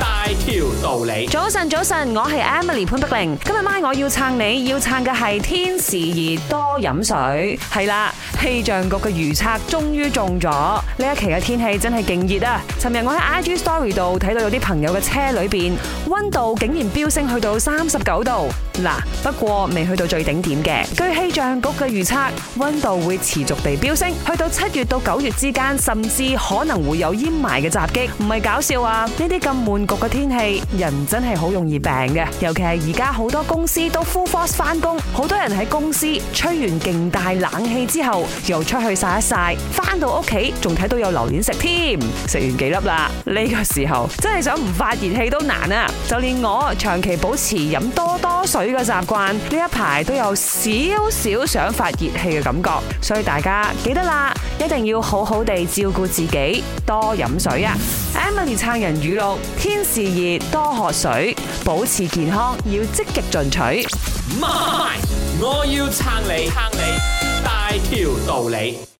大條道理，早晨早晨，我係 Emily 潘碧玲。今日晚我要撐你，要撐嘅係天時熱多飲水。係啦，氣象局嘅預測終於中咗。呢一期嘅天氣真係勁熱啊！尋日我喺 IG Story 度睇到有啲朋友嘅車裏邊溫度竟然飆升去到三十九度。嗱，不過未去到最頂點嘅。據氣象局嘅預測，溫度會持續地飆升，去到七月到九月之間，甚至可能會有煙霾嘅襲擊。唔係搞笑啊！呢啲咁悶，焗嘅天氣，人真係好容易病嘅，尤其係而家好多公司都 full force 翻工，好多人喺公司吹完勁大冷氣之後，又出去曬一曬，翻到屋企仲睇到有榴蓮食添，食完幾粒啦。呢個時候真係想唔發熱氣都難啊！就連我長期保持飲多多水嘅習慣，呢一排都有少少想發熱氣嘅感覺，所以大家記得啦，一定要好好地照顧自己，多飲水啊！Emily 撐人語錄：天時熱，多喝水，保持健康，要積極進取。My，我要撐你，撐你，大條道理。